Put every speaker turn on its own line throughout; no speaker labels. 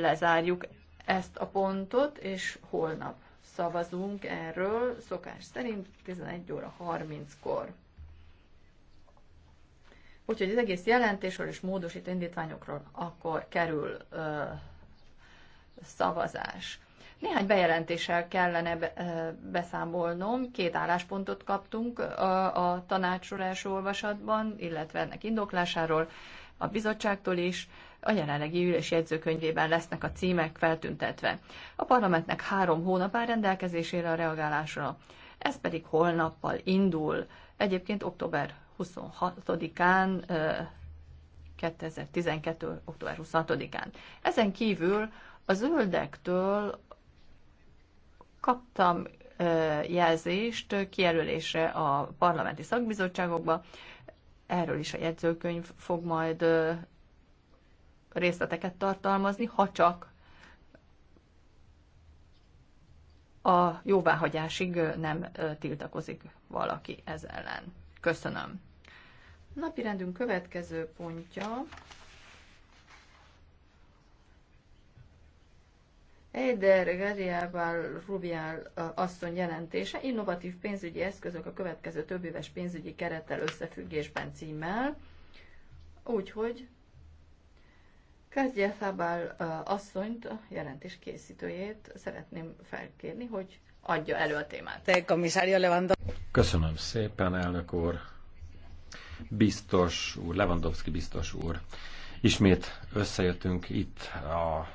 lezárjuk ezt a pontot, és holnap szavazunk erről, szokás szerint 11 óra 30-kor. Úgyhogy az egész jelentésről és módosít indítványokról akkor kerül ö, szavazás. Néhány bejelentéssel kellene beszámolnom. Két álláspontot kaptunk a, a olvasatban, illetve ennek indoklásáról a bizottságtól is, a jelenlegi ülés jegyzőkönyvében lesznek a címek feltüntetve. A parlamentnek három hónap áll rendelkezésére a reagálásra, ez pedig holnappal indul. Egyébként október 26-án 2012. október 26-án. Ezen kívül a zöldektől kaptam jelzést kijelölésre a parlamenti szakbizottságokba, erről is a jegyzőkönyv fog majd részleteket tartalmazni, ha csak a jóváhagyásig nem tiltakozik valaki ez ellen. Köszönöm. Napirendünk következő pontja Eider Gariával Rubial asszony jelentése, innovatív pénzügyi eszközök a következő több éves pénzügyi kerettel összefüggésben címmel. Úgyhogy Kártya Fábál asszonyt, a jelentés készítőjét szeretném felkérni, hogy adja elő a témát.
Köszönöm szépen, elnök úr. Biztos úr, Lewandowski biztos úr. Ismét összejöttünk itt a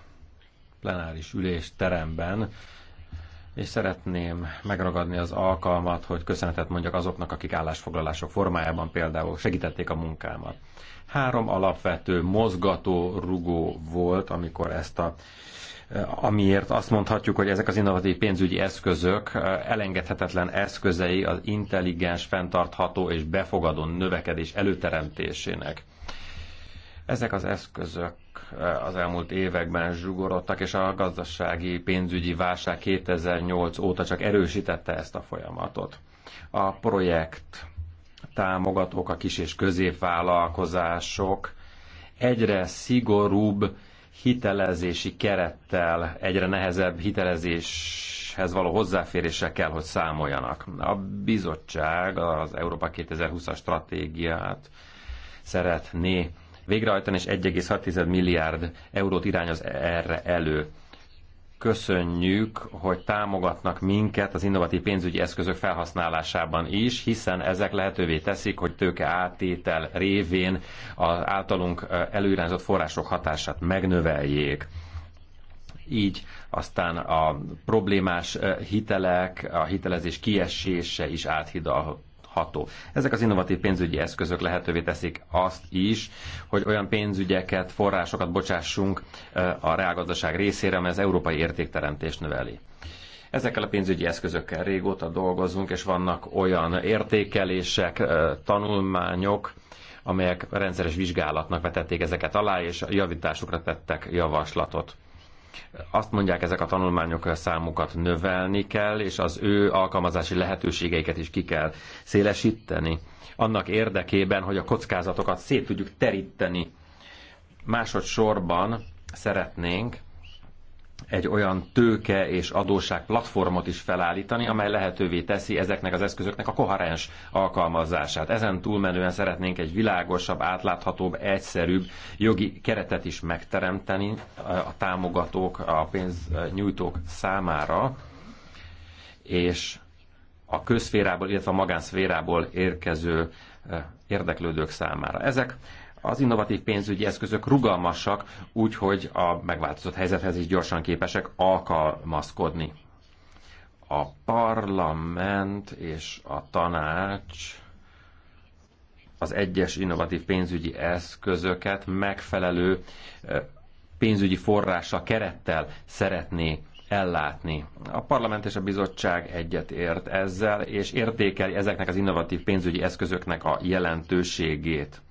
plenáris ülés teremben, és szeretném megragadni az alkalmat, hogy köszönetet mondjak azoknak, akik állásfoglalások formájában például segítették a munkámat. Három alapvető mozgató rugó volt, amikor ezt a amiért azt mondhatjuk, hogy ezek az innovatív pénzügyi eszközök elengedhetetlen eszközei az intelligens, fenntartható és befogadó növekedés előteremtésének ezek az eszközök eh, az elmúlt években zsugorodtak, és a gazdasági pénzügyi válság 2008 óta csak erősítette ezt a folyamatot. A projekt támogatók, a kis- és középvállalkozások egyre szigorúbb hitelezési kerettel, egyre nehezebb hitelezéshez való hozzáféréssel kell, hogy számoljanak. A bizottság az Európa 2020-as stratégiát szeretné végrehajtani, és 1,6 milliárd eurót irányoz erre elő. Köszönjük, hogy támogatnak minket az innovatív pénzügyi eszközök felhasználásában is, hiszen ezek lehetővé teszik, hogy tőke átétel révén az általunk előirányzott források hatását megnöveljék így aztán a problémás hitelek, a hitelezés kiesése is áthidal, ható. Ezek az innovatív pénzügyi eszközök lehetővé teszik azt is, hogy olyan pénzügyeket, forrásokat bocsássunk a reálgazdaság részére, amely az európai értékteremtést növeli. Ezekkel a pénzügyi eszközökkel régóta dolgozunk, és vannak olyan értékelések, tanulmányok, amelyek rendszeres vizsgálatnak vetették ezeket alá, és javításukra tettek javaslatot. Azt mondják ezek a tanulmányok, a számukat növelni kell, és az ő alkalmazási lehetőségeiket is ki kell szélesíteni. Annak érdekében, hogy a kockázatokat szét tudjuk teríteni. Másodszorban szeretnénk, egy olyan tőke és adósság platformot is felállítani, amely lehetővé teszi ezeknek az eszközöknek a koherens alkalmazását. Ezen túlmenően szeretnénk egy világosabb, átláthatóbb, egyszerűbb jogi keretet is megteremteni eh, a támogatók, a pénznyújtók számára, és a közszférából, illetve a magánszférából érkező eh, érdeklődők számára. Ezek az innovatív pénzügyi eszközök rugalmasak, úgyhogy a megváltozott helyzethez is gyorsan képesek alkalmazkodni. A parlament és a tanács az egyes innovatív pénzügyi eszközöket megfelelő pénzügyi forrása kerettel szeretné ellátni. A parlament és a bizottság egyet ért ezzel, és értékeli ezeknek az innovatív pénzügyi eszközöknek a jelentőségét.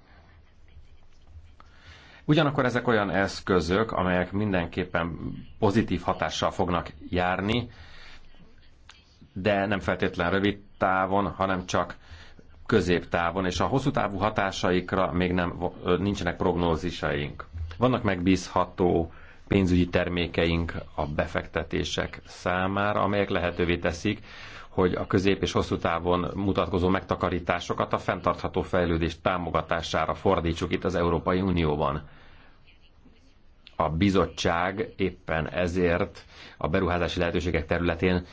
Ugyanakkor ezek olyan eszközök, amelyek mindenképpen pozitív hatással fognak járni, de nem feltétlen rövid távon, hanem csak középtávon, és a hosszú távú hatásaikra még nem, nincsenek prognózisaink. Vannak megbízható pénzügyi termékeink a befektetések számára, amelyek lehetővé teszik, hogy a közép és hosszú távon mutatkozó megtakarításokat a fenntartható fejlődés támogatására fordítsuk itt az Európai Unióban. A bizottság éppen ezért a beruházási lehetőségek területén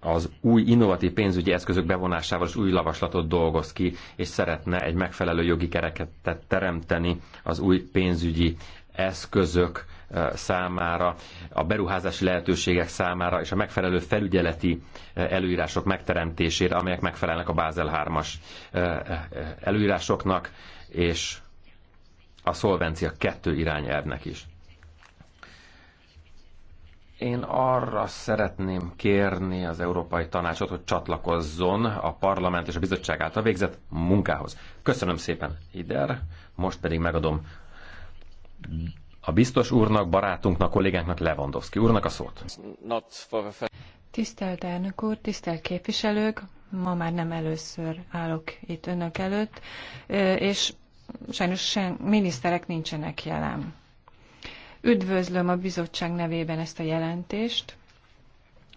az új innovatív pénzügyi eszközök bevonásával az új lavaslatot dolgoz ki, és szeretne egy megfelelő jogi kereket teremteni az új pénzügyi eszközök számára, a beruházási lehetőségek számára és a megfelelő felügyeleti előírások megteremtésére, amelyek megfelelnek a Bázel 3-as előírásoknak és a szolvencia kettő irányelvnek is. Én arra szeretném kérni az Európai Tanácsot, hogy csatlakozzon a parlament és a bizottság által végzett munkához. Köszönöm szépen, Ider. Most pedig megadom a biztos úrnak, barátunknak, kollégánknak, Lewandowski úrnak a szót.
Tisztelt elnök úr, tisztelt képviselők, ma már nem először állok itt önök előtt, és sajnos sen, miniszterek nincsenek jelen. Üdvözlöm a bizottság nevében ezt a jelentést.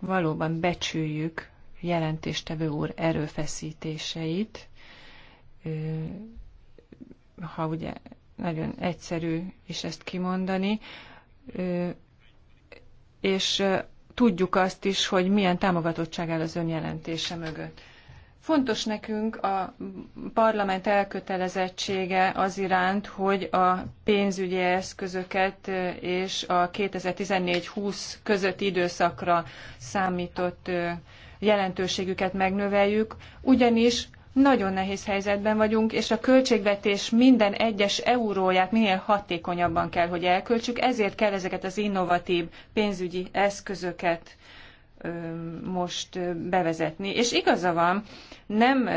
Valóban becsüljük jelentéstevő úr erőfeszítéseit. Ha ugye nagyon egyszerű is ezt kimondani, és tudjuk azt is, hogy milyen támogatottság áll az önjelentése mögött. Fontos nekünk a parlament elkötelezettsége az iránt, hogy a pénzügyi eszközöket és a 2014-20 közötti időszakra számított jelentőségüket megnöveljük, ugyanis nagyon nehéz helyzetben vagyunk, és a költségvetés minden egyes euróját minél hatékonyabban kell, hogy elköltsük, ezért kell ezeket az innovatív pénzügyi eszközöket most bevezetni. És igaza van, nem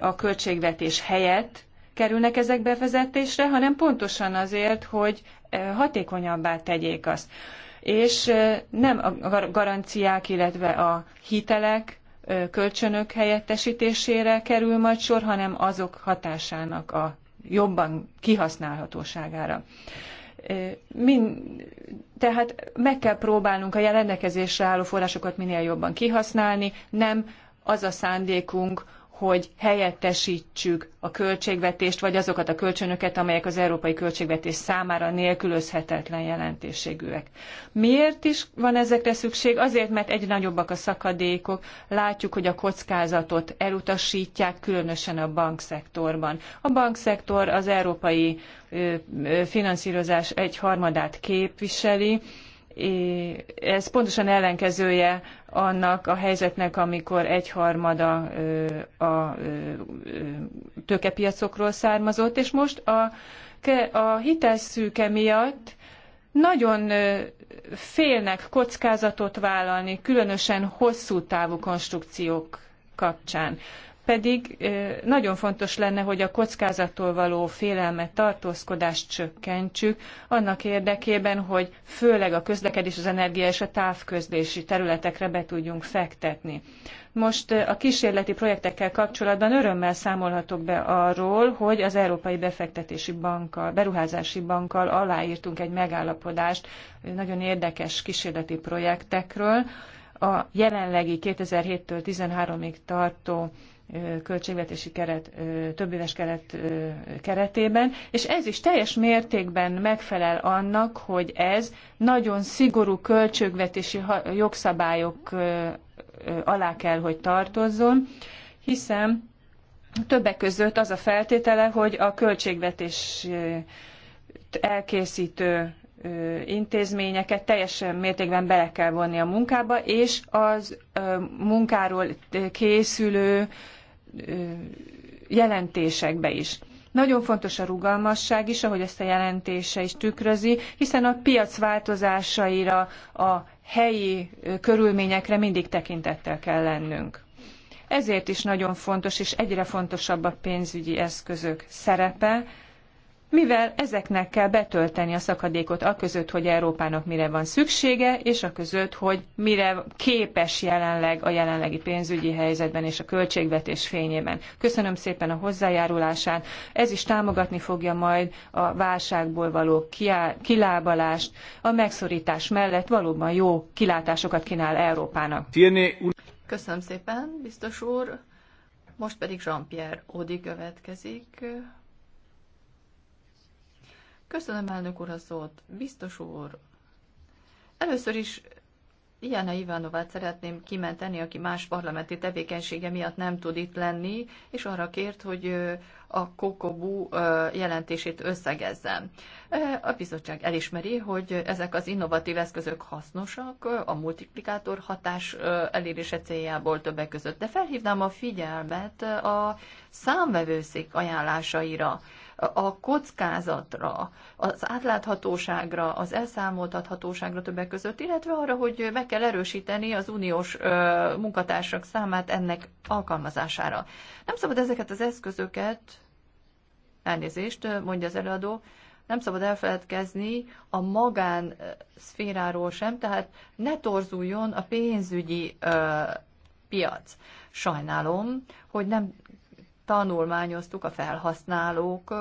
a költségvetés helyett kerülnek ezek bevezetésre, hanem pontosan azért, hogy hatékonyabbá tegyék azt. És nem a garanciák, illetve a hitelek, kölcsönök helyettesítésére kerül majd sor, hanem azok hatásának a jobban kihasználhatóságára mind, tehát meg kell próbálnunk a rendelkezésre álló forrásokat minél jobban kihasználni, nem az a szándékunk, hogy helyettesítsük a költségvetést, vagy azokat a kölcsönöket, amelyek az európai költségvetés számára nélkülözhetetlen jelentőségűek. Miért is van ezekre szükség? Azért, mert egy nagyobbak a szakadékok, látjuk, hogy a kockázatot elutasítják, különösen a bankszektorban. A bankszektor az európai finanszírozás egy harmadát képviseli, ez pontosan ellenkezője annak a helyzetnek, amikor egyharmada a tőkepiacokról származott, és most a, a hitelszűke miatt nagyon félnek kockázatot vállalni, különösen hosszú távú konstrukciók kapcsán pedig nagyon fontos lenne, hogy a kockázattól való félelmet, tartózkodást csökkentsük, annak érdekében, hogy főleg a közlekedés, az energia és a távközlési területekre be tudjunk fektetni. Most a kísérleti projektekkel kapcsolatban örömmel számolhatok be arról, hogy az Európai Befektetési Bankkal, Beruházási Bankkal aláírtunk egy megállapodást nagyon érdekes kísérleti projektekről. A jelenlegi 2007-től 13-ig tartó költségvetési keret, több éves keret keretében, és ez is teljes mértékben megfelel annak, hogy ez nagyon szigorú költségvetési jogszabályok alá kell, hogy tartozzon, hiszen többek között az a feltétele, hogy a költségvetés elkészítő intézményeket teljesen mértékben bele kell vonni a munkába, és az munkáról készülő jelentésekbe is. Nagyon fontos a rugalmasság is, ahogy ezt a jelentése is tükrözi, hiszen a piac változásaira, a helyi körülményekre mindig tekintettel kell lennünk. Ezért is nagyon fontos és egyre fontosabb a pénzügyi eszközök szerepe, mivel ezeknek kell betölteni a szakadékot a között, hogy Európának mire van szüksége, és a között, hogy mire képes jelenleg a jelenlegi pénzügyi helyzetben és a költségvetés fényében. Köszönöm szépen a hozzájárulását. Ez is támogatni fogja majd a válságból való kilábalást. A megszorítás mellett valóban jó kilátásokat kínál Európának.
Köszönöm szépen, biztos úr. Most pedig Jean-Pierre Odi következik Köszönöm, elnök úr, a szót. Biztos úr, először is Jana Ivánovát szeretném kimenteni, aki más parlamenti tevékenysége miatt nem tud itt lenni, és arra kért, hogy a Kokobú jelentését összegezzem. A bizottság elismeri, hogy ezek az innovatív eszközök hasznosak a multiplikátor hatás elérése céljából többek között, de felhívnám a figyelmet a számvevőszék ajánlásaira a kockázatra, az átláthatóságra, az elszámoltathatóságra többek között, illetve arra, hogy meg kell erősíteni az uniós munkatársak számát ennek alkalmazására. Nem szabad ezeket az eszközöket, elnézést, mondja az előadó, nem szabad elfeledkezni a magán szféráról sem, tehát ne torzuljon a pénzügyi ö, piac. Sajnálom, hogy nem tanulmányoztuk a felhasználók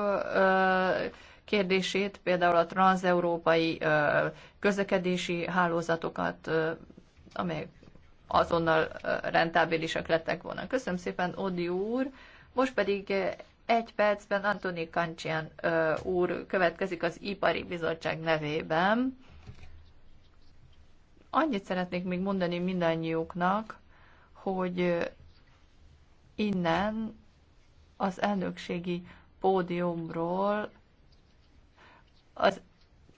kérdését, például a transeurópai közlekedési hálózatokat, amelyek azonnal rentábilisek lettek volna. Köszönöm szépen, Odi úr. Most pedig egy percben Antoni Kancsian úr következik az Ipari Bizottság nevében. Annyit szeretnék még mondani mindannyiuknak, hogy innen az elnökségi pódiumról az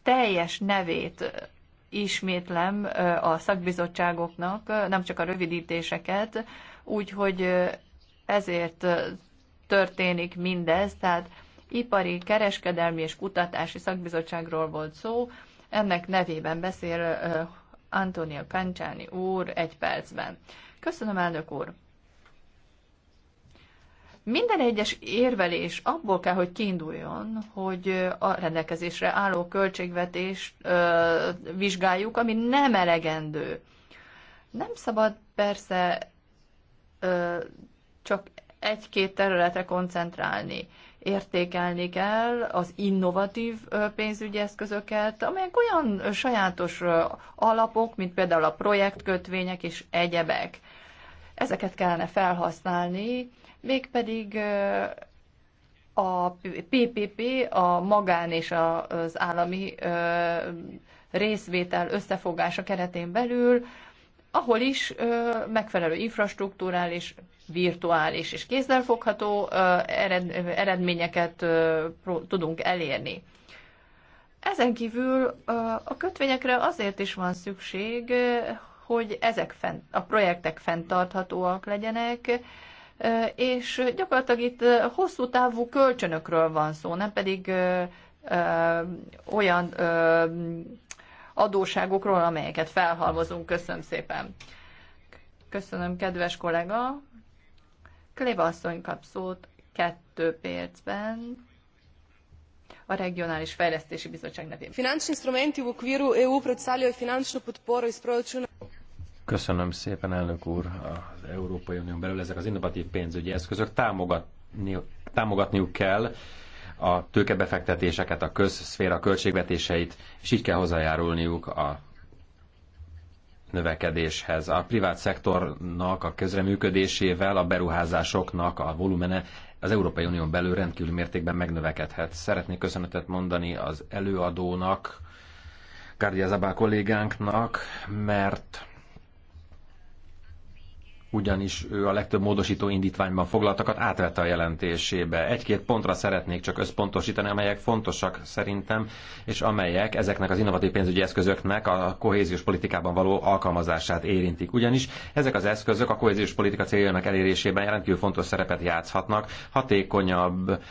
teljes nevét ismétlem a szakbizottságoknak, nem csak a rövidítéseket, úgyhogy ezért történik mindez, tehát ipari, kereskedelmi és kutatási szakbizottságról volt szó, ennek nevében beszél Antonio Kancsáni úr egy percben. Köszönöm, elnök úr! Minden egyes érvelés abból kell, hogy kiinduljon, hogy a rendelkezésre álló költségvetést ö, vizsgáljuk, ami nem elegendő. Nem szabad persze ö, csak egy-két területre koncentrálni. Értékelni kell az innovatív pénzügyi eszközöket, amelyek olyan sajátos alapok, mint például a projektkötvények és egyebek. Ezeket kellene felhasználni, végpedig a PPP, a magán és az állami részvétel összefogása keretén belül, ahol is megfelelő infrastruktúrális, virtuális és kézzelfogható eredményeket tudunk elérni. Ezen kívül a kötvényekre azért is van szükség, hogy ezek fent, a projektek fenntarthatóak legyenek, és gyakorlatilag itt hosszú távú kölcsönökről van szó, nem pedig olyan adóságokról, amelyeket felhalmozunk. Köszönöm szépen. Köszönöm, kedves kollega. Kléva asszony kap szót kettő percben a Regionális Fejlesztési Bizottság nevében. Finančni instrumenti v okviru EU predstavljajo finančno
podporo iz proračuna.
Köszönöm szépen, elnök úr. Az Európai Unión belül ezek az innovatív pénzügyi eszközök támogatni, támogatniuk kell a tőkebefektetéseket, a közszféra költségvetéseit, és így kell hozzájárulniuk a növekedéshez. A privát szektornak a közreműködésével a beruházásoknak a volumene az Európai Unión belül rendkívül mértékben megnövekedhet. Szeretnék köszönetet mondani az előadónak, Kárdia Zabá kollégánknak, mert ugyanis ő a legtöbb módosító indítványban foglaltakat átvette a jelentésébe. Egy-két pontra szeretnék csak összpontosítani, amelyek fontosak szerintem, és amelyek ezeknek az innovatív pénzügyi eszközöknek a kohéziós politikában való alkalmazását érintik. Ugyanis ezek az eszközök a kohéziós politika céljának elérésében rendkívül fontos szerepet játszhatnak, hatékonyabb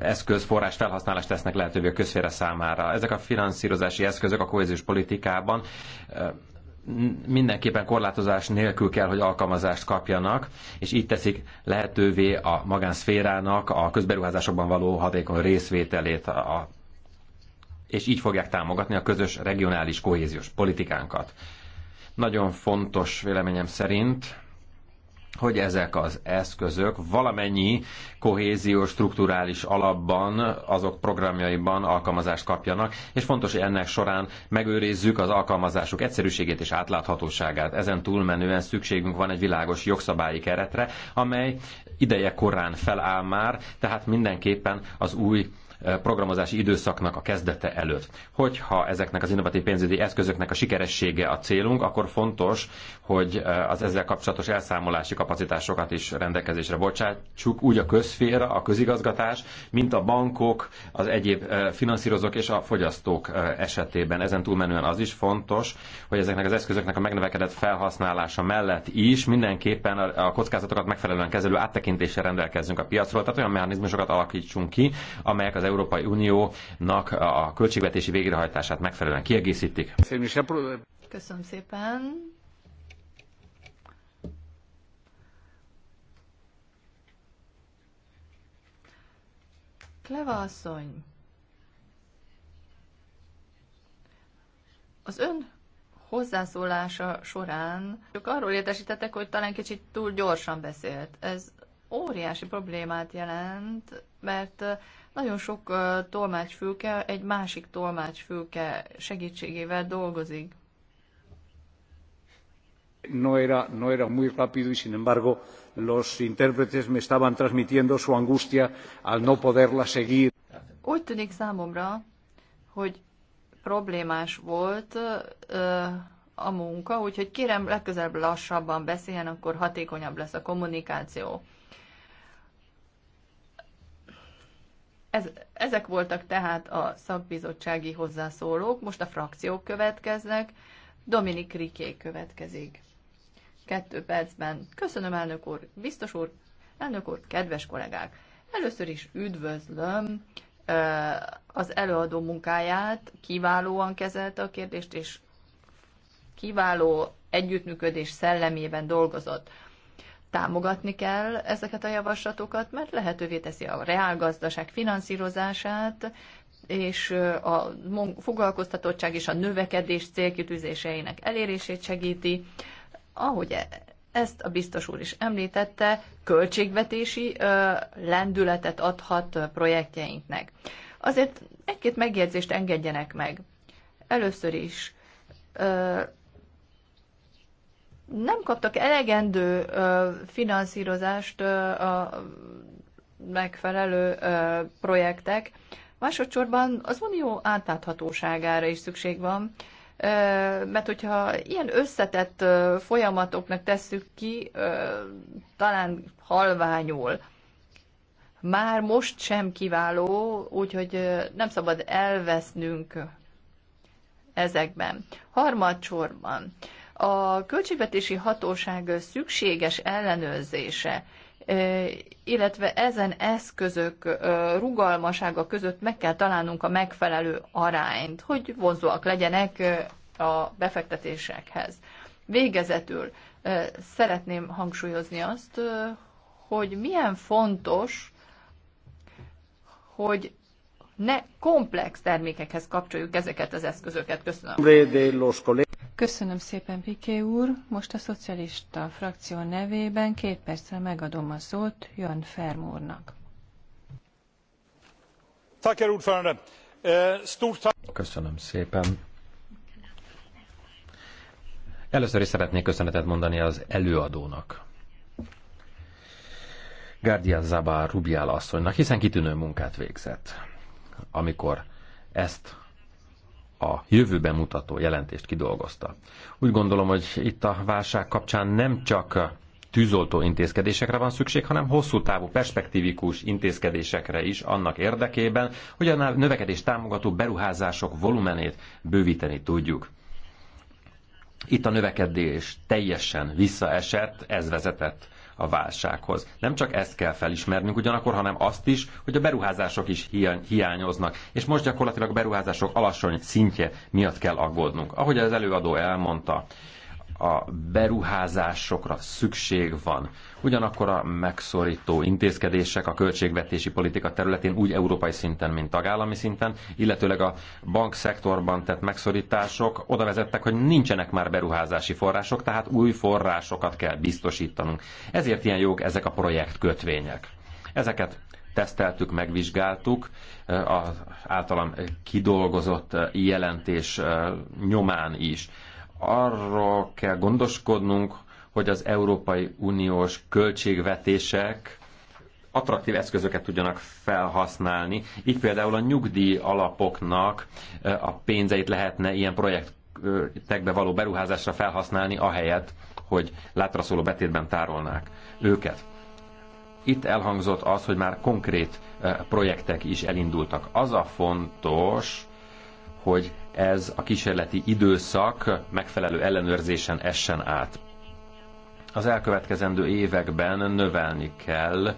eszköz, forrás felhasználást tesznek lehetővé a közféle számára. Ezek a finanszírozási eszközök a kohéziós politikában mindenképpen korlátozás nélkül kell, hogy alkalmazást kapjanak, és így teszik lehetővé a magánszférának a közberuházásokban való hatékony részvételét, a, és így fogják támogatni a közös regionális kohéziós politikánkat. Nagyon fontos véleményem szerint, hogy ezek az eszközök valamennyi kohéziós, strukturális alapban, azok programjaiban alkalmazást kapjanak, és fontos, hogy ennek során megőrizzük az alkalmazásuk egyszerűségét és átláthatóságát. Ezen túlmenően szükségünk van egy világos jogszabályi keretre, amely ideje korán feláll már, tehát mindenképpen az új Eh, programozási időszaknak a kezdete előtt. Hogyha ezeknek az innovatív pénzügyi eszközöknek a sikeressége a célunk, akkor fontos, hogy eh, az ezzel kapcsolatos elszámolási kapacitásokat is rendelkezésre bocsátsuk, úgy a közféra, a közigazgatás, mint a bankok, az egyéb eh, finanszírozók és a fogyasztók esetében. Ezen túlmenően az is fontos, hogy ezeknek az eszközöknek a megnövekedett felhasználása mellett is mindenképpen a kockázatokat megfelelően kezelő áttekintéssel rendelkezzünk a piacról, tehát olyan mechanizmusokat alakítsunk ki, amelyek az EU Európai Uniónak a költségvetési végrehajtását megfelelően kiegészítik.
Köszönöm szépen. Kleva asszony, az ön hozzászólása során csak arról értesítettek, hogy talán kicsit túl gyorsan beszélt. Ez óriási problémát jelent, mert nagyon sok uh, tolmácsfülke egy másik tolmácsfülke segítségével dolgozik.
No era, no era muy rápido y sin embargo los intérpretes me estaban transmitiendo su angustia al no poderla seguir.
Úgy tűnik számomra, hogy problémás volt uh, a munka, úgyhogy kérem legközelebb lassabban beszéljen, akkor hatékonyabb lesz a kommunikáció. Ez, ezek voltak tehát a szakbizottsági hozzászólók, most a frakciók következnek, Dominik Riké következik. Kettő percben. Köszönöm, elnök úr, biztos úr, elnök úr, kedves kollégák! Először is üdvözlöm az előadó munkáját, kiválóan kezelte a kérdést, és kiváló együttműködés szellemében dolgozott támogatni kell ezeket a javaslatokat, mert lehetővé teszi a reálgazdaság finanszírozását, és a foglalkoztatottság és a növekedés célkitűzéseinek elérését segíti. Ahogy e-, ezt a biztos úr is említette, költségvetési lendületet adhat projektjeinknek. Azért egy-két megjegyzést engedjenek meg. Először is nem kaptak elegendő finanszírozást a megfelelő projektek. Másodszorban az unió átláthatóságára is szükség van, mert hogyha ilyen összetett folyamatoknak tesszük ki, talán halványul. Már most sem kiváló, úgyhogy nem szabad elvesznünk ezekben. Harmadsorban a költségvetési hatóság szükséges ellenőrzése, illetve ezen eszközök rugalmasága között meg kell találnunk a megfelelő arányt, hogy vonzóak legyenek a befektetésekhez. Végezetül szeretném hangsúlyozni azt, hogy milyen fontos, hogy
ne komplex termékekhez kapcsoljuk ezeket az eszközöket. Köszönöm. Köszönöm szépen, Piké úr. Most a szocialista frakció nevében két perccel megadom a szót Jön Ferm úrnak.
Eh, Köszönöm szépen. Először is szeretnék köszönetet mondani az előadónak. Gárdia Zabá Rubiál asszonynak, hiszen kitűnő munkát végzett amikor ezt a jövőben mutató jelentést kidolgozta. Úgy gondolom, hogy itt a válság kapcsán nem csak tűzoltó intézkedésekre van szükség, hanem hosszú távú perspektívikus intézkedésekre is annak érdekében, hogy a növekedés támogató beruházások volumenét bővíteni tudjuk. Itt a növekedés teljesen visszaesett, ez vezetett a válsághoz. Nem csak ezt kell felismernünk ugyanakkor, hanem azt is, hogy a beruházások is hiányoznak. És most gyakorlatilag a beruházások alacsony szintje miatt kell aggódnunk. Ahogy az előadó elmondta, a beruházásokra szükség van. Ugyanakkor a megszorító intézkedések a költségvetési politika területén úgy európai szinten, mint tagállami szinten, illetőleg a bankszektorban tett megszorítások oda vezettek, hogy nincsenek már beruházási források, tehát új forrásokat kell biztosítanunk. Ezért ilyen jók ezek a projektkötvények. Ezeket teszteltük, megvizsgáltuk az általam kidolgozott jelentés nyomán is. Arról kell gondoskodnunk, hogy az Európai Uniós költségvetések attraktív eszközöket tudjanak felhasználni. Így például a nyugdíj alapoknak a pénzeit lehetne ilyen projektekbe való beruházásra felhasználni, ahelyett, hogy látraszóló betétben tárolnák őket. Itt elhangzott az, hogy már konkrét projektek is elindultak. Az a fontos, hogy ez a kísérleti időszak megfelelő ellenőrzésen essen át. Az elkövetkezendő években növelni kell eh,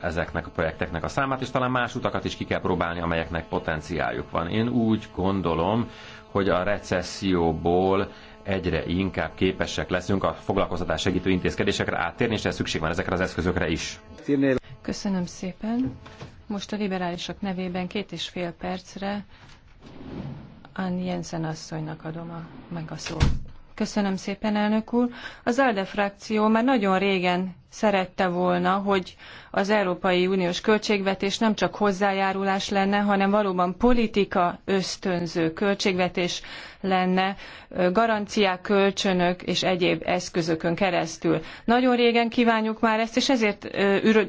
ezeknek a projekteknek a számát, és talán más utakat is ki kell próbálni, amelyeknek potenciáljuk van. Én úgy gondolom, hogy a recesszióból egyre inkább képesek leszünk a foglalkoztatás segítő intézkedésekre áttérni, és ez szükség van ezekre az eszközökre is.
Köszönöm szépen. Most a liberálisok nevében két és fél percre Ann Jensen asszonynak adom a, meg a szót. Köszönöm szépen, elnök úr. Az ALDE frakció már nagyon régen szerette volna, hogy az Európai Uniós költségvetés nem csak hozzájárulás lenne, hanem valóban politika ösztönző költségvetés lenne, garanciák, kölcsönök és egyéb eszközökön keresztül. Nagyon régen kívánjuk már ezt, és ezért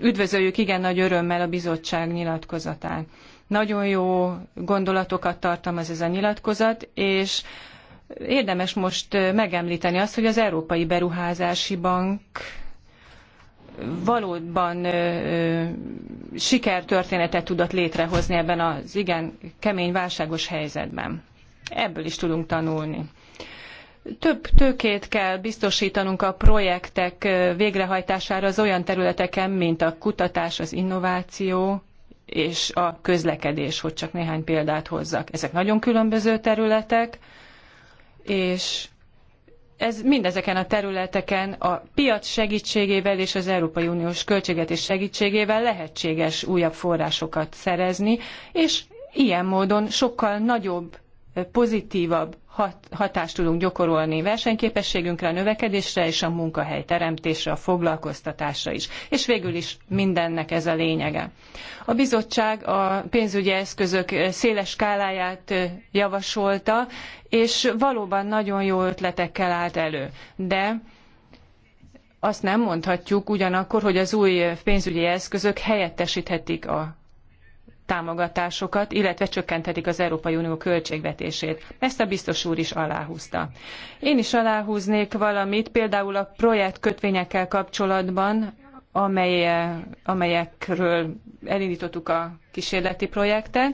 üdvözöljük igen nagy örömmel a bizottság nyilatkozatát. Nagyon jó gondolatokat tartalmaz ez a nyilatkozat, és Érdemes most megemlíteni azt, hogy az Európai Beruházási Bank valóban sikertörténetet tudott létrehozni ebben az igen kemény válságos helyzetben. Ebből is tudunk tanulni. Több tőkét kell biztosítanunk a projektek végrehajtására az olyan területeken, mint a kutatás, az innováció és a közlekedés, hogy csak néhány példát hozzak. Ezek nagyon különböző területek, és ez mindezeken a területeken a piac segítségével és az Európai Uniós költségvetés segítségével lehetséges újabb forrásokat szerezni, és ilyen módon sokkal nagyobb pozitívabb hat, hatást tudunk gyakorolni versenyképességünkre, a növekedésre és a munkahely teremtésre, a foglalkoztatásra is. És végül is mindennek ez a lényege. A bizottság a pénzügyi eszközök széles skáláját javasolta, és valóban nagyon jó ötletekkel állt elő. De azt nem mondhatjuk ugyanakkor, hogy az új pénzügyi eszközök helyettesíthetik a támogatásokat, illetve csökkenthetik az Európai Unió költségvetését. Ezt a biztos úr is aláhúzta. Én is aláhúznék valamit, például a projektkötvényekkel kapcsolatban, amely, amelyekről elindítottuk a kísérleti projektet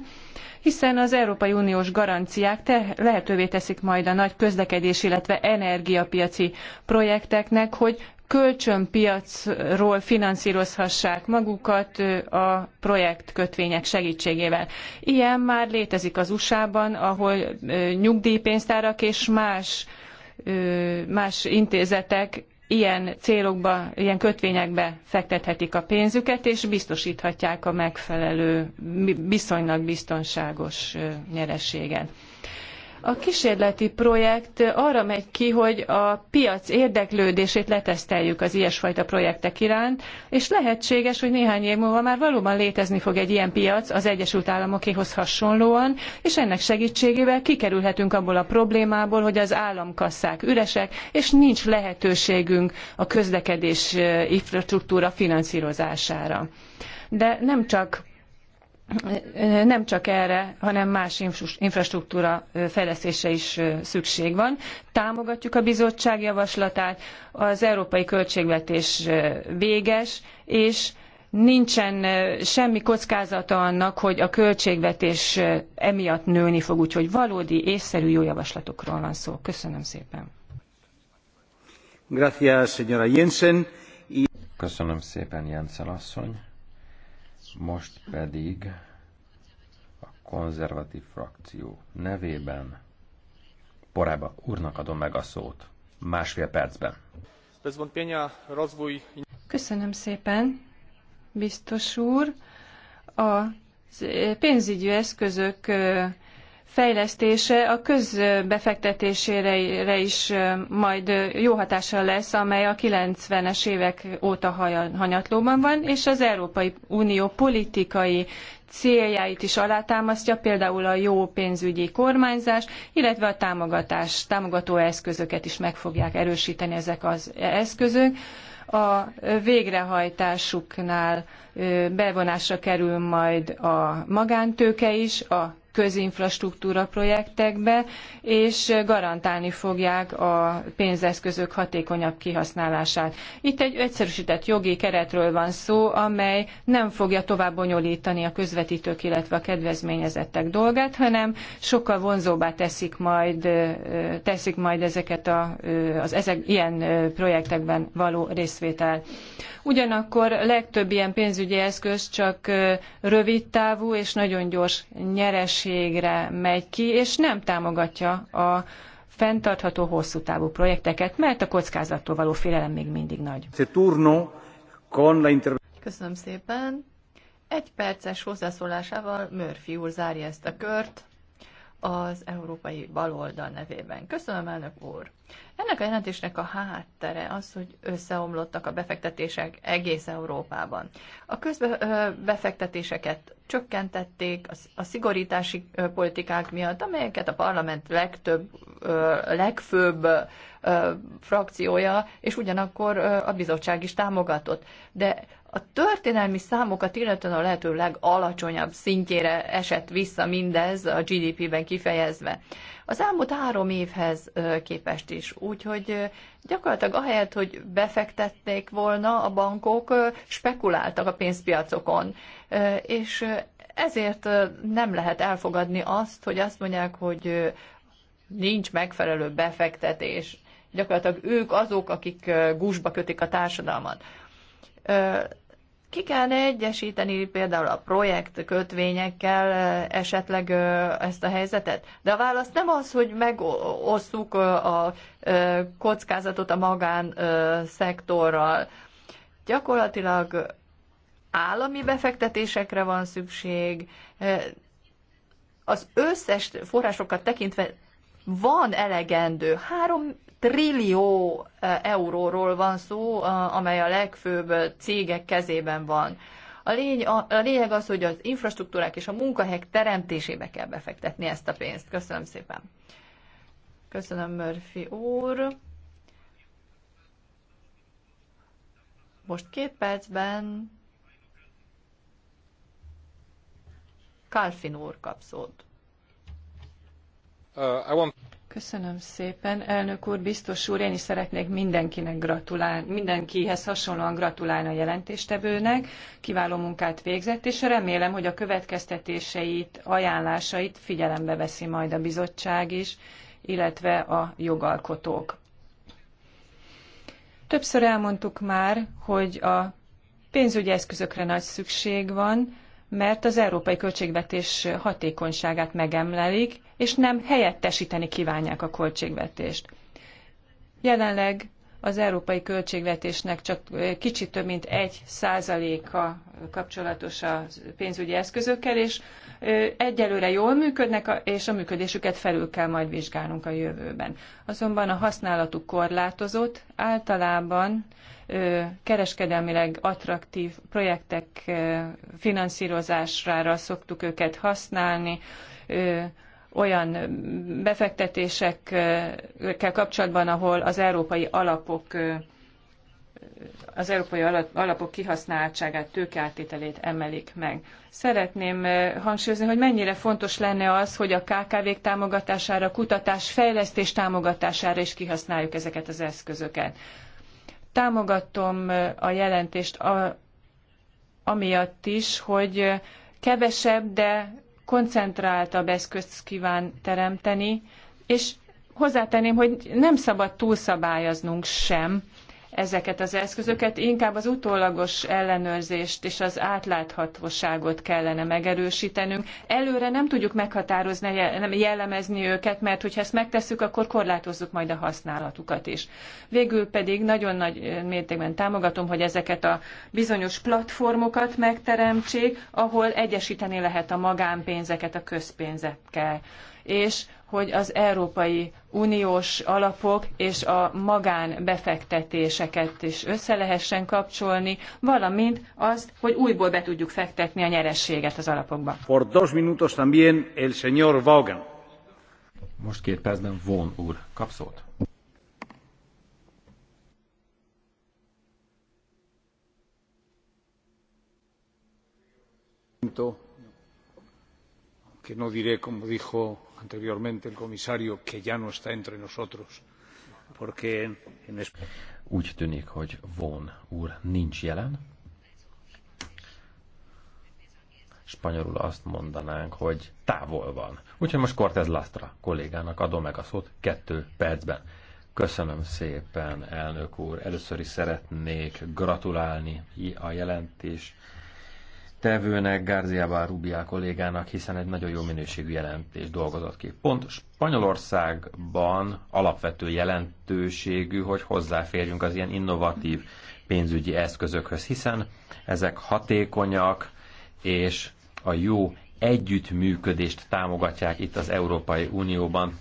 hiszen az Európai Uniós garanciák lehetővé teszik majd a nagy közlekedés, illetve energiapiaci projekteknek, hogy kölcsönpiacról finanszírozhassák magukat a projektkötvények segítségével. Ilyen már létezik az USA-ban, ahol nyugdíjpénztárak és más, más intézetek ilyen célokba, ilyen kötvényekbe fektethetik a pénzüket, és biztosíthatják a megfelelő, viszonylag biztonságos nyereséget. A kísérleti projekt arra megy ki, hogy a piac érdeklődését leteszteljük az ilyesfajta projektek iránt, és lehetséges, hogy néhány év múlva már valóban létezni fog egy ilyen piac az Egyesült Államokéhoz hasonlóan, és ennek segítségével kikerülhetünk abból a problémából, hogy az államkasszák üresek, és nincs lehetőségünk a közlekedés eh, infrastruktúra finanszírozására. De nem csak nem csak erre, hanem más infrastruktúra fejlesztése is szükség van. Támogatjuk a bizottság javaslatát, az európai költségvetés véges, és nincsen semmi kockázata annak, hogy a költségvetés emiatt nőni fog, úgyhogy valódi, észszerű jó javaslatokról van szó. Köszönöm
szépen. Gracias, señora Jensen. Köszönöm szépen, Jensen asszony. Most pedig a konzervatív frakció nevében Porába úrnak adom meg a szót. Másfél percben.
Köszönöm szépen, biztos úr. A pénzügyi eszközök fejlesztése a közbefektetésére is majd jó hatással lesz, amely a 90-es évek óta hanyatlóban van, és az Európai Unió politikai céljáit is alátámasztja, például a jó pénzügyi kormányzás, illetve a támogatás, támogató eszközöket is meg fogják erősíteni ezek az eszközök a végrehajtásuknál bevonásra kerül majd a magántőke is, a közinfrastruktúra projektekbe, és garantálni fogják a pénzeszközök hatékonyabb kihasználását. Itt egy egyszerűsített jogi keretről van szó, amely nem fogja tovább bonyolítani a közvetítők, illetve a kedvezményezettek dolgát, hanem sokkal vonzóbbá teszik majd, teszik majd ezeket a, az ezek, ilyen projektekben való részvétel. Ugyanakkor legtöbb ilyen pénzügyi eszköz csak rövid távú és nagyon gyors nyeres örökségre megy ki, és nem támogatja a fenntartható hosszú távú projekteket, mert a kockázattól való félelem még mindig nagy.
Köszönöm szépen. Egy perces hozzászólásával Murphy úr zárja ezt a kört az európai baloldal nevében. Köszönöm, elnök úr! Ennek a jelentésnek a háttere az, hogy összeomlottak a befektetések egész Európában. A közbefektetéseket csökkentették a szigorítási politikák miatt, amelyeket a parlament legtöbb, legfőbb frakciója, és ugyanakkor a bizottság is támogatott. De a történelmi számokat illetően a lehető legalacsonyabb szintjére esett vissza mindez a GDP-ben kifejezve. Az elmúlt három évhez képest is. Úgyhogy gyakorlatilag ahelyett, hogy befektették volna a bankok, spekuláltak a pénzpiacokon. És ezért nem lehet elfogadni azt, hogy azt mondják, hogy nincs megfelelő befektetés. Gyakorlatilag ők azok, akik gúzsba kötik a társadalmat ki kell egyesíteni például a projekt kötvényekkel esetleg ezt a helyzetet? De a válasz nem az, hogy megosszuk a kockázatot a magán szektorral. Gyakorlatilag állami befektetésekre van szükség, az összes forrásokat tekintve van elegendő. Három trillió eh, euróról van szó, eh, amely a legfőbb eh, cégek kezében van. A, lény, a, a lényeg az, hogy az infrastruktúrák és a munkahelyek teremtésébe kell befektetni ezt a pénzt. Köszönöm szépen. Köszönöm, Murphy úr. Most két percben Kalfin úr kap szót.
Uh, I want...
Köszönöm szépen, elnök úr, biztos úr, én is szeretnék mindenkinek gratulálni, mindenkihez hasonlóan gratulálni a jelentéstevőnek. Kiváló munkát végzett, és remélem, hogy a következtetéseit, ajánlásait figyelembe veszi majd a bizottság is, illetve a jogalkotók. Többször elmondtuk már, hogy a pénzügyi eszközökre nagy szükség van, mert az európai költségvetés hatékonyságát megemlelik, és nem helyettesíteni kívánják a költségvetést. Jelenleg az európai költségvetésnek csak kicsit több mint egy százaléka kapcsolatos a pénzügyi eszközökkel, és egyelőre jól működnek, és a működésüket felül kell majd vizsgálnunk a jövőben. Azonban a használatuk korlátozott, általában kereskedelmileg attraktív projektek finanszírozására szoktuk őket használni, olyan befektetésekkel kapcsolatban, ahol az európai alapok az európai alapok kihasználtságát, tőkeáttételét emelik meg. Szeretném eh, hangsúlyozni, hogy mennyire fontos lenne az, hogy a KKV-k támogatására, kutatás, fejlesztés támogatására is kihasználjuk ezeket az eszközöket. Támogatom eh, a jelentést a, amiatt is, hogy eh, kevesebb, de koncentráltabb eszközt kíván teremteni, és hozzátenném, hogy nem szabad túlszabályoznunk sem, ezeket az eszközöket, inkább az utólagos ellenőrzést és az átláthatóságot kellene megerősítenünk. Előre nem tudjuk meghatározni, nem jellemezni őket, mert hogyha ezt megtesszük, akkor korlátozzuk majd a használatukat is. Végül pedig nagyon nagy mértékben támogatom, hogy ezeket a bizonyos platformokat megteremtsék, ahol egyesíteni lehet a magánpénzeket a közpénzekkel. És hogy az Európai Uniós alapok és a magánbefektetéseket is össze lehessen kapcsolni, valamint azt, hogy újból be tudjuk fektetni a nyerességet az alapokba.
Por dos minutos también el señor Vaughan. Most két percben Von úr kap szót. que no diré como dijo anteriormente el comisario, que ya no está entre nosotros, porque en Úgy tűnik, hogy Von úr nincs jelen. Spanyolul azt mondanánk, hogy távol van. Úgyhogy most Cortez Lastra kollégának adom meg a szót kettő percben. Köszönöm szépen, elnök úr. Először is szeretnék gratulálni a jelentés tevőnek, Gárziába Rubiá kollégának, hiszen egy nagyon jó minőségű jelentés dolgozott ki. Pont Spanyolországban alapvető jelentőségű, hogy hozzáférjünk az ilyen innovatív pénzügyi eszközökhöz, hiszen ezek hatékonyak, és a jó együttműködést támogatják itt az Európai Unióban,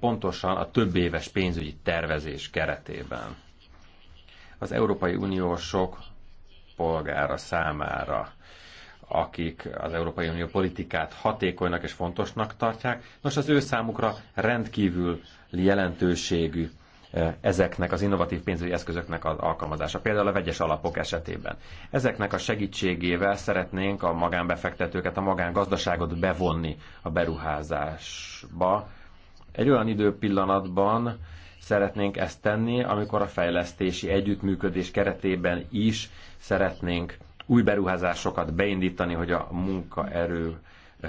pontosan a több éves pénzügyi tervezés keretében. Az Európai Uniósok polgára számára, akik az Európai Unió politikát hatékonynak és fontosnak tartják. Nos, az ő számukra rendkívül jelentőségű eh, ezeknek az innovatív pénzügyi eszközöknek az alkalmazása, például a vegyes alapok esetében. Ezeknek a segítségével szeretnénk a magánbefektetőket, a magángazdaságot bevonni a beruházásba. Egy olyan időpillanatban, szeretnénk ezt tenni, amikor a fejlesztési együttműködés keretében is szeretnénk új beruházásokat beindítani, hogy a munkaerő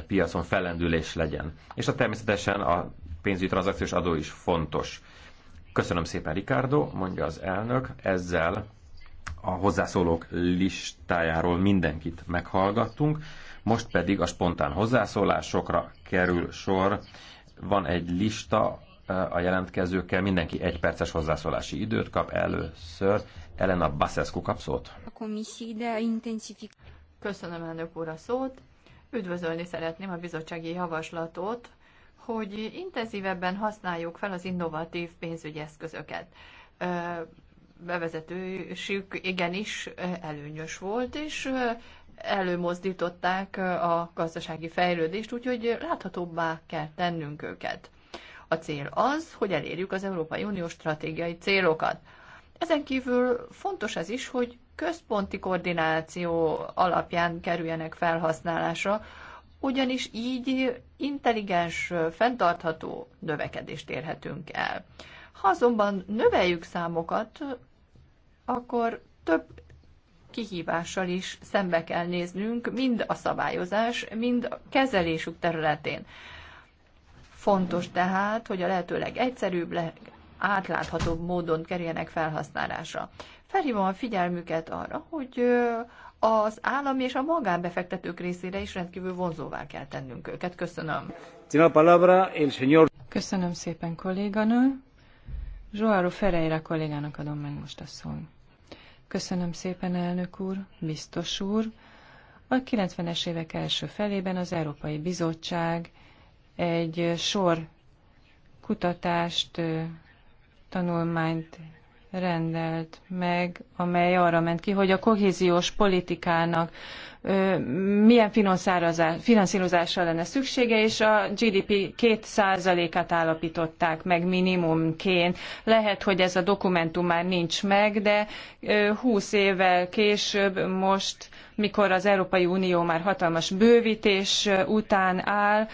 piacon fellendülés legyen. És a természetesen a pénzügyi tranzakciós adó is fontos. Köszönöm szépen, Ricardo, mondja az elnök. Ezzel a hozzászólók listájáról mindenkit meghallgattunk. Most pedig a spontán hozzászólásokra kerül sor. Van egy lista, a jelentkezőkkel. Mindenki egy perces hozzászólási időt kap. Először Elena Basescu kap szót.
Köszönöm elnök úr a szót. Üdvözölni szeretném a bizottsági javaslatot, hogy intenzívebben használjuk fel az innovatív pénzügyi eszközöket. Bevezetősük igenis előnyös volt, és előmozdították a gazdasági fejlődést, úgyhogy láthatóbbá kell tennünk őket. A cél az, hogy elérjük az Európai Unió stratégiai célokat. Ezen kívül fontos az is, hogy központi koordináció alapján kerüljenek felhasználásra, ugyanis így intelligens, fenntartható növekedést érhetünk el. Ha azonban növeljük számokat, akkor több kihívással is szembe kell néznünk, mind a szabályozás, mind a kezelésük területén. Fontos tehát, hogy a lehetőleg egyszerűbb, átláthatóbb módon kerüljenek felhasználásra. Felhívom a figyelmüket arra, hogy az állam és a magánbefektetők részére is rendkívül vonzóvá kell tennünk
őket. Köszönöm. Köszönöm szépen kolléganő. Joao Ferreira kollégának adom meg most a szót. Köszönöm szépen, elnök úr, biztos úr. A 90-es évek első felében az Európai Bizottság egy sor kutatást, tanulmányt rendelt meg, amely arra ment ki, hogy a kohéziós politikának milyen finanszírozásra lenne szüksége, és a GDP 2%-át állapították meg minimumként. Lehet, hogy ez a dokumentum már nincs meg, de 20 évvel később most, mikor az Európai Unió már hatalmas bővítés után áll,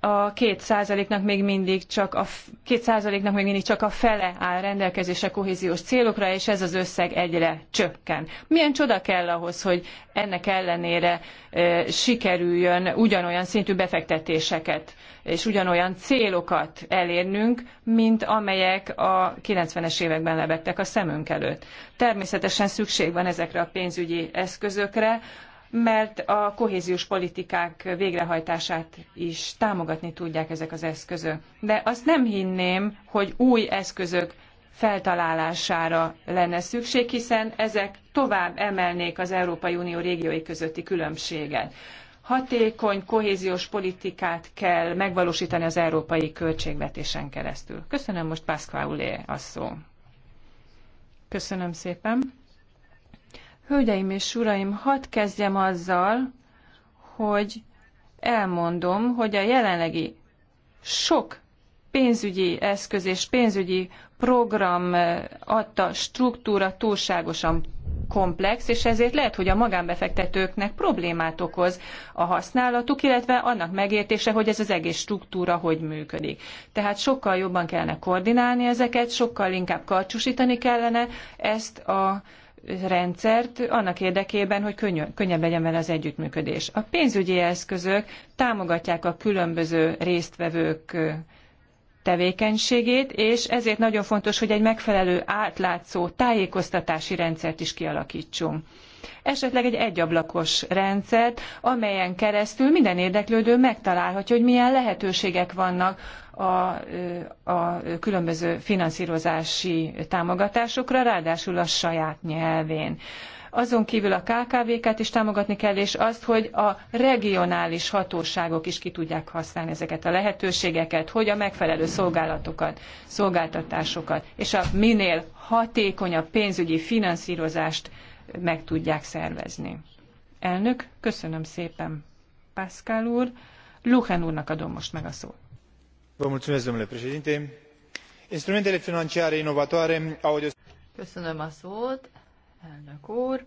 a két százaléknak még mindig csak a két százaléknak még mindig csak a fele áll rendelkezésre kohéziós célokra, és ez az összeg egyre csökken. Milyen csoda kell ahhoz, hogy ennek ellenére e, sikerüljön ugyanolyan szintű befektetéseket és ugyanolyan célokat elérnünk, mint amelyek a 90-es években lebegtek a szemünk előtt. Természetesen szükség van ezekre a pénzügyi eszközökre, mert a kohéziós politikák végrehajtását is támogatni tudják ezek az eszközök. De azt nem hinném, hogy új eszközök feltalálására lenne szükség, hiszen ezek tovább emelnék az Európai Unió régiói közötti különbséget. Hatékony kohéziós politikát kell megvalósítani az európai költségvetésen keresztül. Köszönöm most Pászkvá a szó. Köszönöm szépen. Hölgyeim és uraim, hadd kezdjem azzal, hogy elmondom, hogy a jelenlegi sok pénzügyi eszköz és pénzügyi program eh, adta struktúra túlságosan komplex, és ezért lehet, hogy a magánbefektetőknek problémát okoz a használatuk, illetve annak megértése, hogy ez az egész struktúra hogy működik. Tehát sokkal jobban kellene koordinálni ezeket, sokkal inkább karcsúsítani kellene ezt a rendszert annak érdekében, hogy könnyű, könnyebb legyen vele az együttműködés. A pénzügyi eszközök támogatják a különböző résztvevők tevékenységét, és ezért nagyon fontos, hogy egy megfelelő átlátszó tájékoztatási rendszert is kialakítsunk esetleg egy egyablakos rendszert, amelyen keresztül minden érdeklődő megtalálhatja, hogy milyen lehetőségek vannak a, a különböző finanszírozási támogatásokra, ráadásul a saját nyelvén azon kívül a KKV-ket is támogatni kell, és azt, hogy a regionális hatóságok is ki tudják használni ezeket a lehetőségeket, hogy a megfelelő szolgálatokat, szolgáltatásokat, és a minél hatékonyabb pénzügyi finanszírozást meg tudják szervezni. Elnök, köszönöm szépen, Pascal úr. Luchen úrnak adom most meg a szót.
Instrumentele financiare inovatoare
Köszönöm a szót, elnök úr.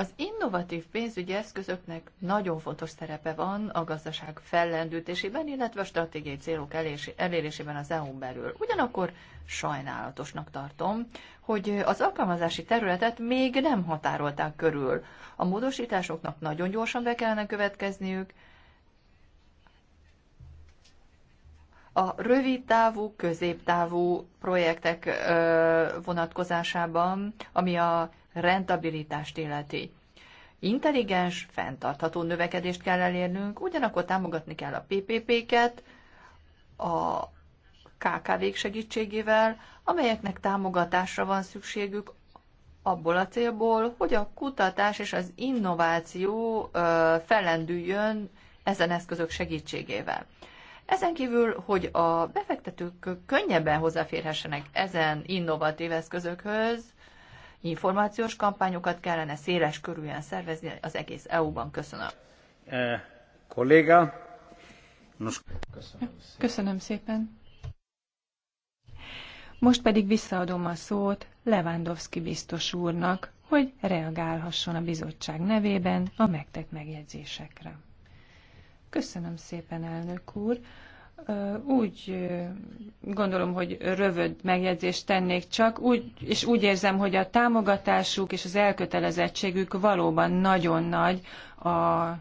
Az innovatív pénzügyi eszközöknek nagyon fontos szerepe van a gazdaság fellendítésében, illetve a stratégiai célok elérésében az EU-n belül. Ugyanakkor sajnálatosnak tartom, hogy az alkalmazási területet még nem határolták körül. A módosításoknak nagyon gyorsan be kellene következniük, a rövid távú, középtávú projektek vonatkozásában, ami a rentabilitást illeti. Intelligens, fenntartható növekedést kell elérnünk, ugyanakkor támogatni kell a PPP-ket, a KKV-k segítségével, amelyeknek támogatásra van szükségük abból a célból, hogy a kutatás és az innováció fellendüljön ezen eszközök segítségével. Ezen kívül, hogy a befektetők könnyebben hozzáférhessenek ezen innovatív eszközökhöz, információs kampányokat kellene széles körűen szervezni az egész EU-ban. Köszönöm.
Eh, kolléga. Köszönöm, szépen.
Köszönöm szépen. Most pedig visszaadom a szót Lewandowski biztos úrnak, hogy reagálhasson a bizottság nevében a megtett megjegyzésekre. Köszönöm szépen, elnök úr! úgy gondolom, hogy rövid megjegyzést tennék csak, úgy, és úgy érzem, hogy a támogatásuk és az elkötelezettségük valóban nagyon nagy a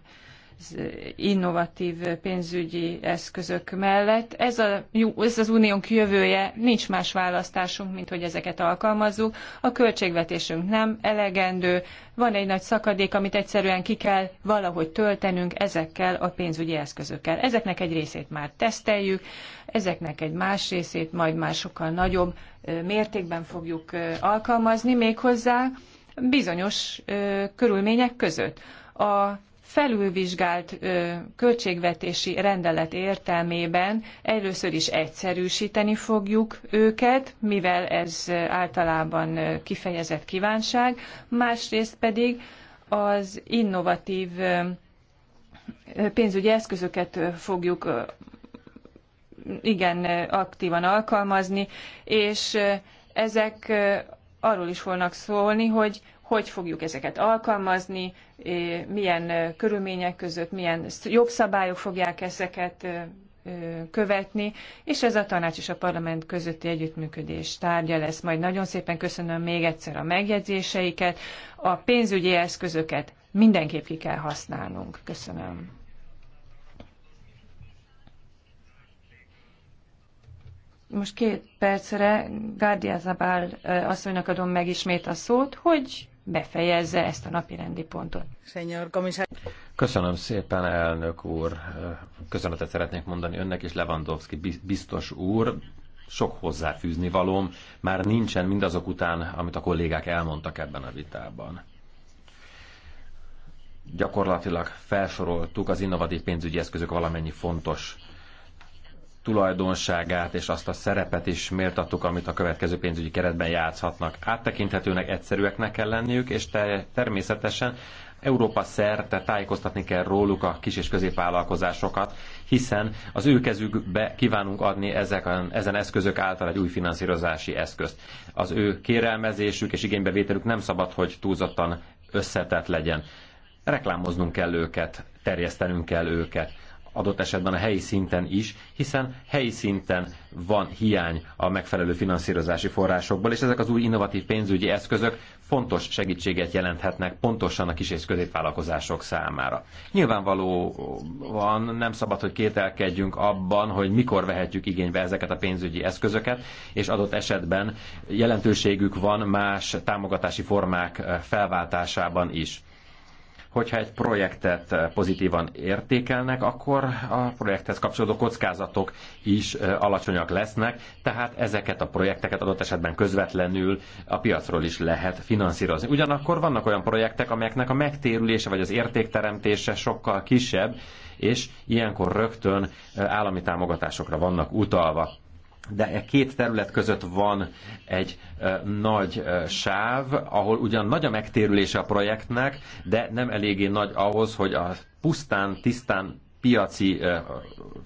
innovatív pénzügyi eszközök mellett. Ez, a, ez az uniónk jövője, nincs más választásunk, mint hogy ezeket alkalmazzuk. A költségvetésünk nem elegendő, van egy nagy szakadék, amit egyszerűen ki kell valahogy töltenünk ezekkel a pénzügyi eszközökkel. Ezeknek egy részét már teszteljük, ezeknek egy más részét majd már sokkal nagyobb mértékben fogjuk alkalmazni méghozzá bizonyos körülmények között. A felülvizsgált költségvetési rendelet értelmében először is egyszerűsíteni fogjuk őket, mivel ez általában kifejezett kívánság, másrészt pedig az innovatív pénzügyi eszközöket fogjuk igen aktívan alkalmazni, és ezek arról is fognak szólni, hogy hogy fogjuk ezeket alkalmazni, eh, milyen eh, körülmények között, milyen jogszabályok fogják ezeket eh, követni, és ez a tanács és a parlament közötti együttműködés tárgya lesz. Majd nagyon szépen köszönöm még egyszer a megjegyzéseiket. A pénzügyi eszközöket mindenképp ki kell használnunk. Köszönöm. Most két percre Gárdia Zabál asszonynak adom meg ismét a szót, hogy befejezze ezt a napi rendi pontot.
Köszönöm szépen, elnök úr. Köszönetet szeretnék mondani önnek és Lewandowski biztos úr. Sok hozzáfűzni valóm már nincsen mindazok után, amit a kollégák elmondtak ebben a vitában gyakorlatilag felsoroltuk az innovatív pénzügyi eszközök valamennyi fontos tulajdonságát és azt a szerepet is méltattuk, amit a következő pénzügyi keretben játszhatnak. Áttekinthetőnek, egyszerűeknek kell lenniük, és te, természetesen Európa szerte tájékoztatni kell róluk a kis és középvállalkozásokat, hiszen az ő kezükbe kívánunk adni ezek, ezen eszközök által egy új finanszírozási eszközt. Az ő kérelmezésük és igénybevételük nem szabad, hogy túlzottan összetett legyen. Reklámoznunk kell őket, terjesztenünk kell őket adott esetben a helyi szinten is, hiszen helyi szinten van hiány a megfelelő finanszírozási forrásokból, és ezek az új innovatív pénzügyi eszközök fontos segítséget jelenthetnek pontosan a kis és középvállalkozások számára. Nyilvánvalóan nem szabad, hogy kételkedjünk abban, hogy mikor vehetjük igénybe ezeket a pénzügyi eszközöket, és adott esetben jelentőségük van más támogatási formák felváltásában is. Hogyha egy projektet eh, pozitívan értékelnek, akkor a projekthez kapcsolódó kockázatok is eh, alacsonyak lesznek, tehát ezeket a projekteket adott esetben közvetlenül a piacról is lehet finanszírozni. Ugyanakkor vannak olyan projektek, amelyeknek a megtérülése vagy az értékteremtése sokkal kisebb, és ilyenkor rögtön eh, állami támogatásokra vannak utalva de e két terület között van egy nagy sáv, ahol ugyan nagy a megtérülése a projektnek, de nem eléggé nagy ahhoz, hogy a pusztán, tisztán piaci eh,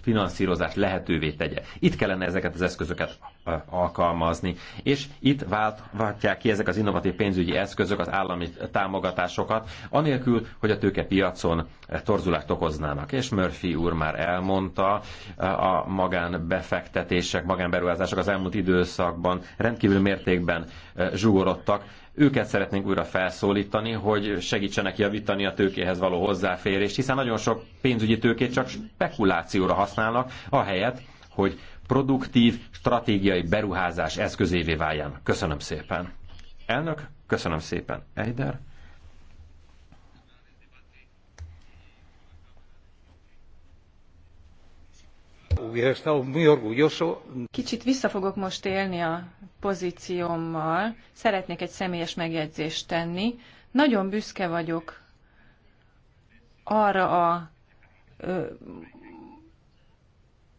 finanszírozást lehetővé tegye. Itt kellene ezeket az eszközöket eh, alkalmazni, és itt válthatják ki ezek az innovatív pénzügyi eszközök az állami támogatásokat, anélkül, hogy a tőkepiacon eh, torzulást okoznának. És Murphy úr már elmondta, a magánbefektetések, magánberuházások az elmúlt időszakban rendkívül mértékben zsugorodtak, őket szeretnénk újra felszólítani, hogy segítsenek javítani a tőkéhez való hozzáférést, hiszen nagyon sok pénzügyi tőkét csak spekulációra használnak, ahelyett, hogy produktív, stratégiai beruházás eszközévé váljan. Köszönöm szépen. Elnök, köszönöm szépen. Eider.
Kicsit vissza fogok most élni a pozíciómmal szeretnék egy személyes megjegyzést tenni. Nagyon büszke vagyok arra a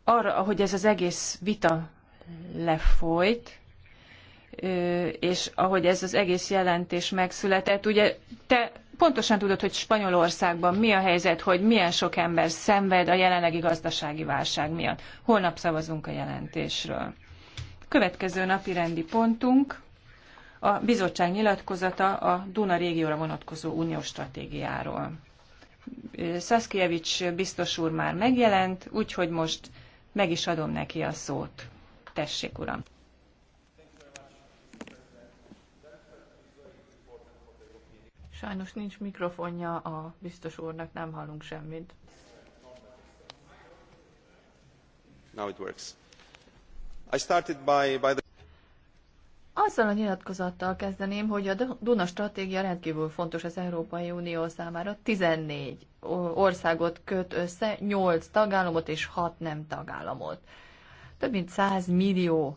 arra, hogy ez az egész vita lefolyt, és ahogy ez az egész jelentés megszületett. Ugye te pontosan tudod, hogy Spanyolországban mi a helyzet, hogy milyen sok ember szenved a jelenlegi gazdasági válság miatt. Holnap szavazunk a jelentésről. Következő napi rendi pontunk a bizottság nyilatkozata a Duna régióra vonatkozó uniós stratégiáról. Szaszkijevics biztos úr már megjelent, úgyhogy most meg is adom neki a szót. Tessék, uram! Sajnos nincs
mikrofonja a biztos úrnak, nem hallunk semmit.
Now it works.
Azzal a nyilatkozattal kezdeném, hogy a Duna stratégia rendkívül fontos az Európai Unió számára. 14 országot köt össze, 8 tagállamot és 6 nem tagállamot. Több mint 100 millió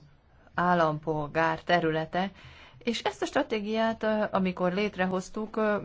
állampolgár területe, és ezt a stratégiát, amikor létrehoztuk,